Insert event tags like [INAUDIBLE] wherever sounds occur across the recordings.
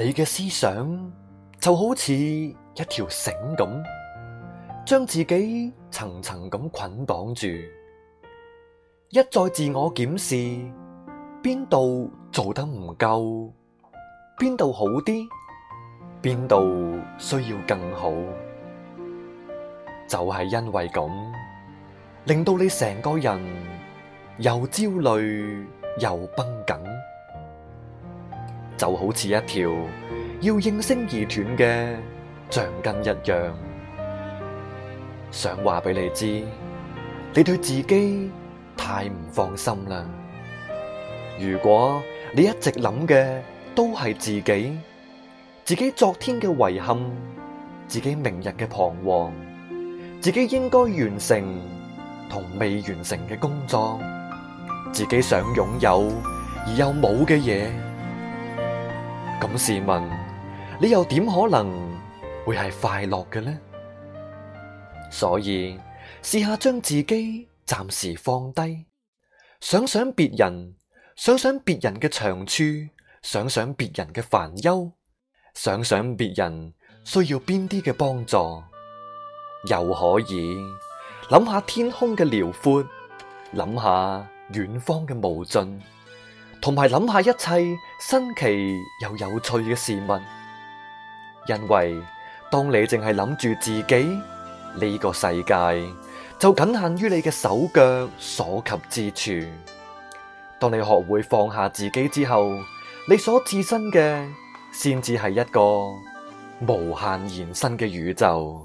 你嘅思想就好似一條繩咁，將自己層層咁捆綁住，一再自我檢視邊度做得唔夠，邊度好啲，邊度需要更好，就係因為咁，令到你成個人又焦慮又繃緊。就好似一條要應聲而斷嘅橡筋一樣，想話俾你知，你對自己太唔放心啦。如果你一直諗嘅都係自己，自己昨天嘅遺憾，自己明日嘅彷徨，自己應該完成同未完成嘅工作，自己想擁有而又冇嘅嘢。咁試問，你又點可能會係快樂嘅呢？所以試下將自己暫時放低，想想別人，想想別人嘅長處，想想別人嘅煩憂，想想別人需要邊啲嘅幫助，又可以諗下天空嘅遼闊，諗下遠方嘅無盡。同埋諗下一切新奇又有趣嘅事物，因為當你淨係諗住自己，呢個世界就僅限於你嘅手腳所及之處。當你學會放下自己之後，你所置身嘅先至係一個無限延伸嘅宇宙。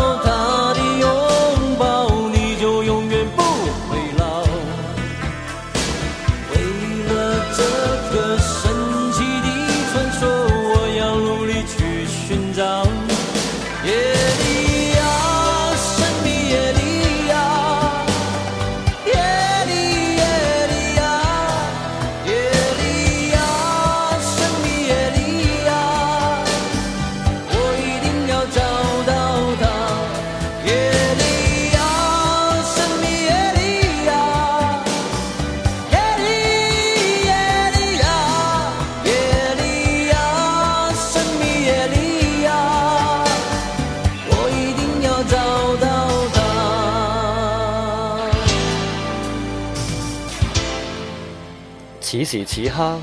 此時此刻，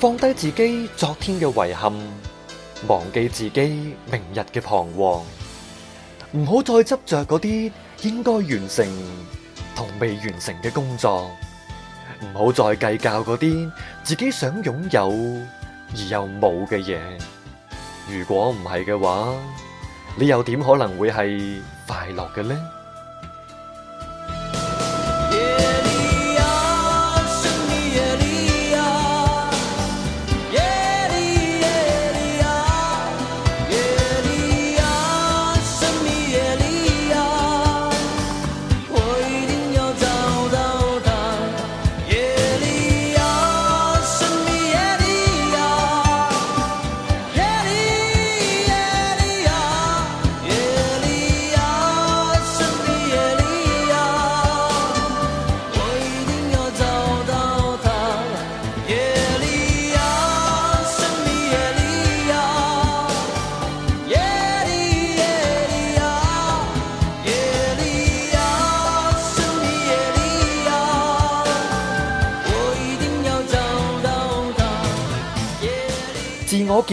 放低自己昨天嘅遺憾，忘記自己明日嘅彷徨，唔好再執着嗰啲應該完成同未完成嘅工作，唔好再計較嗰啲自己想擁有而又冇嘅嘢。如果唔係嘅話，你又點可能會係快樂嘅呢？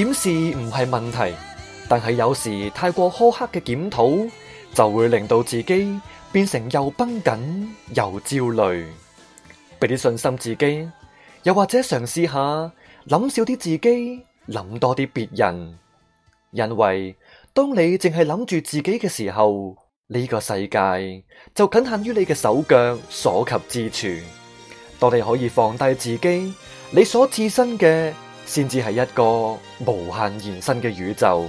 檢視唔係問題，但係有時太過苛刻嘅檢討，就會令到自己變成又繃緊又焦慮。俾啲信心自己，又或者嘗試下諗少啲自己，諗多啲別人。因為當你淨係諗住自己嘅時候，呢個世界就僅限於你嘅手腳所及之處。當你可以放低自己，你所自身嘅，先至係一個無限延伸嘅宇宙。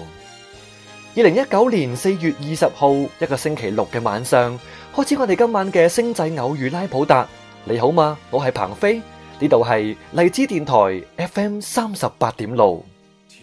二零一九年四月二十號，一個星期六嘅晚上，開始我哋今晚嘅《星際偶遇拉普達》。你好嗎？我係彭飛，呢度係荔枝電台 FM 三十八點六。天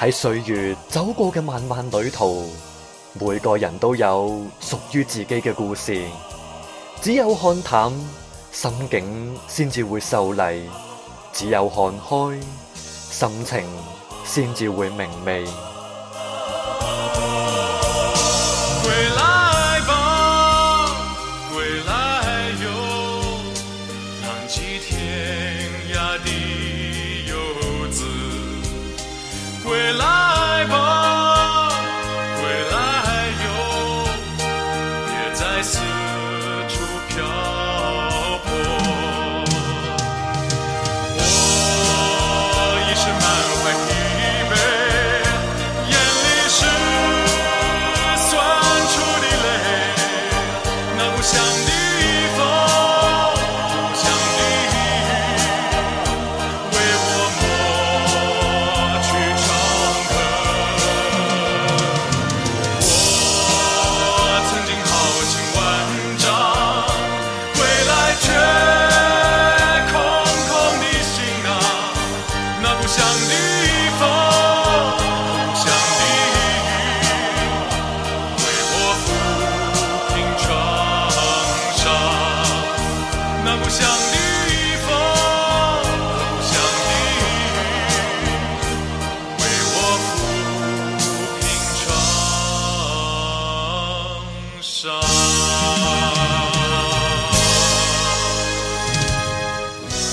喺歲月走過嘅漫漫旅途，每個人都有屬於自己嘅故事。只有看淡心境，先至會秀麗；只有看開心情，先至會明媚。 [MUSIC]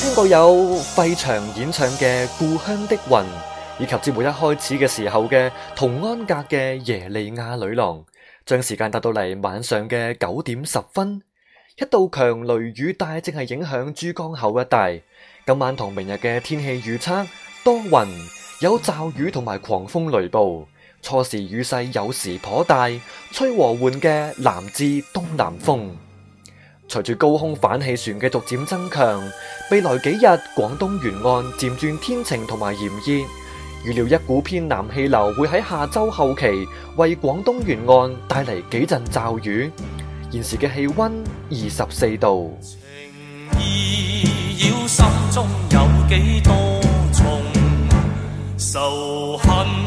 聽過有費翔演唱嘅《故鄉的雲》，以及節目一開始嘅時候嘅童安格嘅《耶利亞女郎》。將時間達到嚟晚上嘅九點十分，一道強雷雨帶正係影響珠江口一帶。今晚同明日嘅天氣預測：多雲，有驟雨同埋狂風雷暴。初時雨勢有時頗大，吹和緩嘅南至東南風。隨住高空反氣旋嘅逐漸增強，未來幾日廣東沿岸漸轉天晴同埋炎熱。預料一股偏南氣流會喺下周後期為廣東沿岸帶嚟幾陣驟雨。現時嘅氣溫二十四度。情意繞心中有幾多重，仇恨。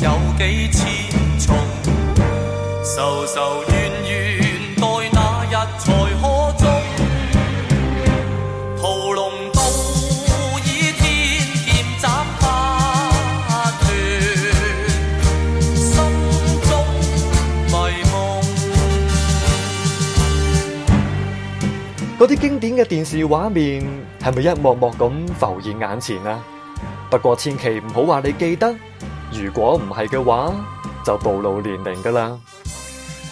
有幾千重，愁愁怨怨，待那日才可終，屠龍刀一片片斬，怕斷心中迷夢。嗰啲經典嘅電視畫面係咪一幕幕咁浮現眼前啊？不過千祈唔好話你記得，如果唔係嘅話，就暴露年齡㗎喇。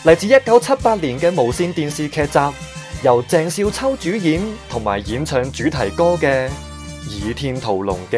嚟自一九七八年嘅無線電視劇集，由鄭少秋主演同埋演唱主題歌嘅《倚天屠龍記》。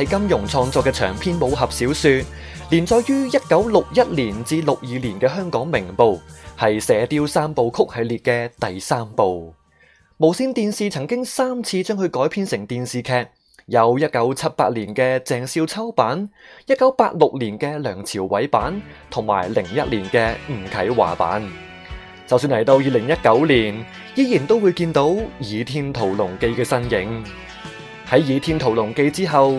係金庸創作嘅長篇武俠小說，連載於1961年至62年嘅香港明報，係《射雕三部曲》系列嘅第三部。無線電視曾經三次將佢改編成電視劇，有1978年嘅鄭少秋版、1986年嘅梁朝偉版同埋01年嘅吳啟華版。就算嚟到2019年，依然都會見到《倚天屠龍記》嘅身影。喺《倚天屠龍記》之後，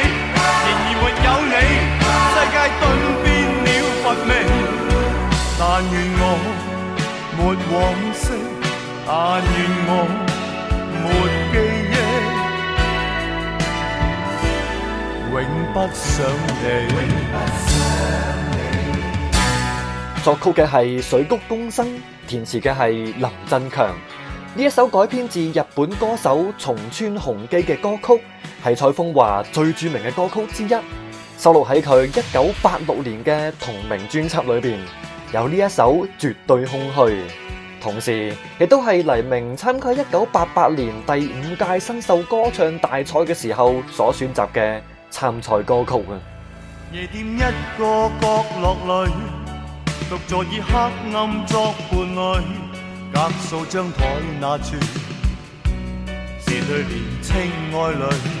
作曲嘅係水谷公生，填詞嘅係林振強。呢一首改編自日本歌手松川弘基嘅歌曲，係蔡楓華最著名嘅歌曲之一。收錄喺佢一九八六年嘅同名專輯裏邊，有呢一首《絕對空虛》，同時亦都係黎明參加一九八八年第五屆新秀歌唱大賽嘅時候所選擇嘅參賽歌曲啊！夜店一個角落裏，獨坐以黑暗作伴侶，隔數張台那處，是對年青愛侶。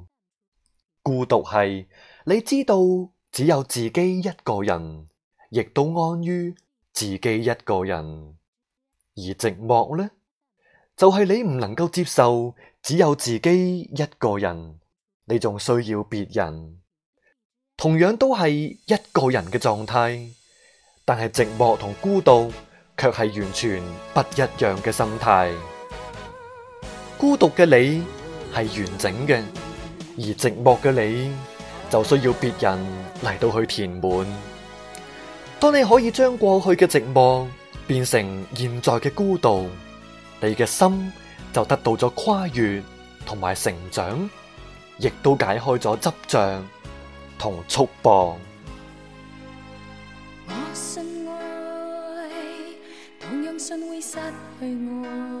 孤獨係你知道只有自己一個人，亦都安於自己一個人；而寂寞呢，就係你唔能夠接受只有自己一個人，你仲需要別人。同樣都係一個人嘅狀態，但係寂寞同孤獨卻係完全不一樣嘅心態。孤獨嘅你係完整嘅。而寂寞嘅你，就需要別人嚟到去填滿。當你可以將過去嘅寂寞變成現在嘅孤獨，你嘅心就得到咗跨越同埋成長，亦都解開咗執著同束縛。我信愛，同樣信會失去我。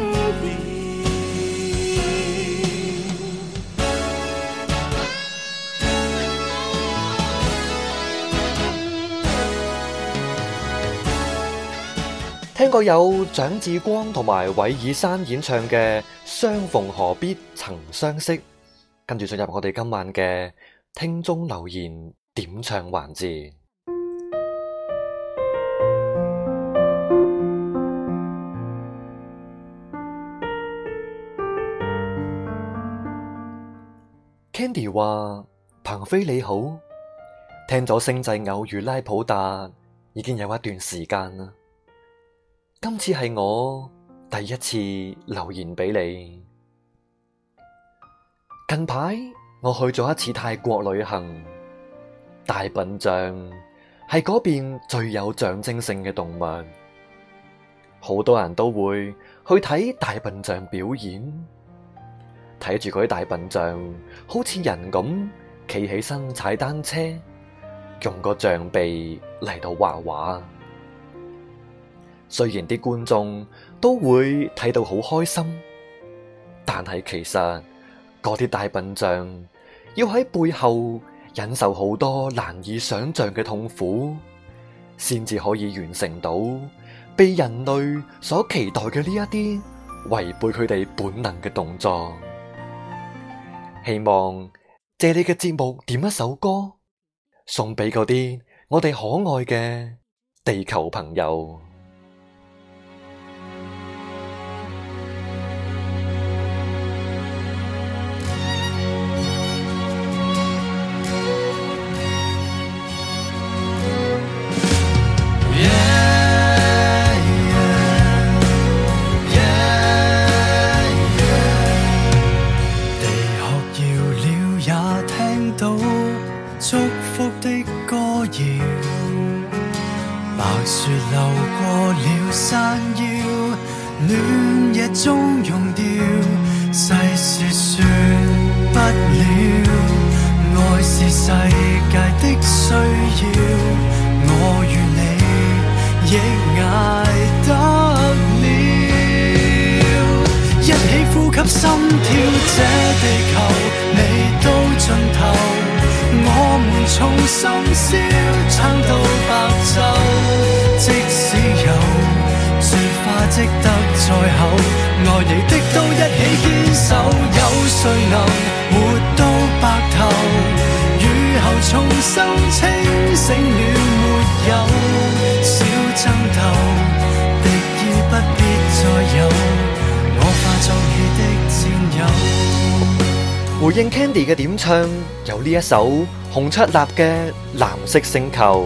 聽過有蔣志光同埋韋爾山演唱嘅《相逢何必曾相識》，跟住進入我哋今晚嘅聽眾留言點唱環節。 [MUSIC] Candy 話：彭飛你好，聽咗《星際偶遇拉普達》已經有一段時間啦。今次係我第一次留言俾你。近排我去咗一次泰國旅行，大笨象係嗰邊最有象徵性嘅動物，好多人都會去睇大笨象表演，睇住嗰啲大笨象好似人咁企起身踩單車，用個象鼻嚟到畫畫。雖然啲觀眾都會睇到好開心，但係其實嗰啲大笨象要喺背後忍受好多難以想象嘅痛苦，先至可以完成到被人類所期待嘅呢一啲違背佢哋本能嘅動作。希望借你嘅節目點一首歌，送俾嗰啲我哋可愛嘅地球朋友。回應 Candy 嘅點唱有呢一首洪卓立嘅《藍色星球》。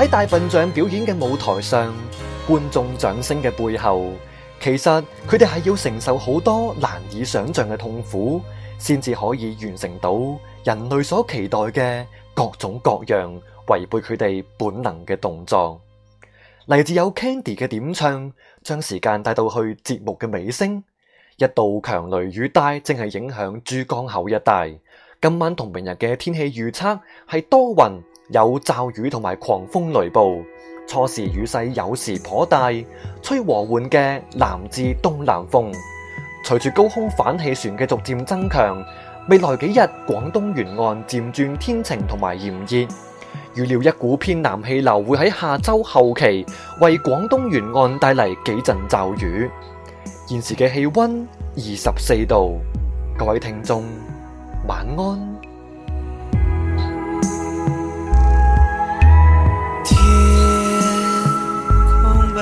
喺大笨象表演嘅舞台上，觀眾掌聲嘅背後，其實佢哋係要承受好多難以想象嘅痛苦，先至可以完成到人類所期待嘅各種各樣違背佢哋本能嘅動作。嚟自有 Candy 嘅點唱，將時間帶到去節目嘅尾聲。一道強雷雨帶正係影響珠江口一帶，今晚同明日嘅天氣預測係多雲。有驟雨同埋狂風雷暴，初時雨勢有時頗大，吹和緩嘅南至東南風。隨住高空反氣旋嘅逐漸增強，未來幾日廣東沿岸漸轉天晴同埋炎熱。預料一股偏南氣流會喺下周後期為廣東沿岸帶嚟幾陣驟雨。現時嘅氣溫二十四度。各位聽眾，晚安。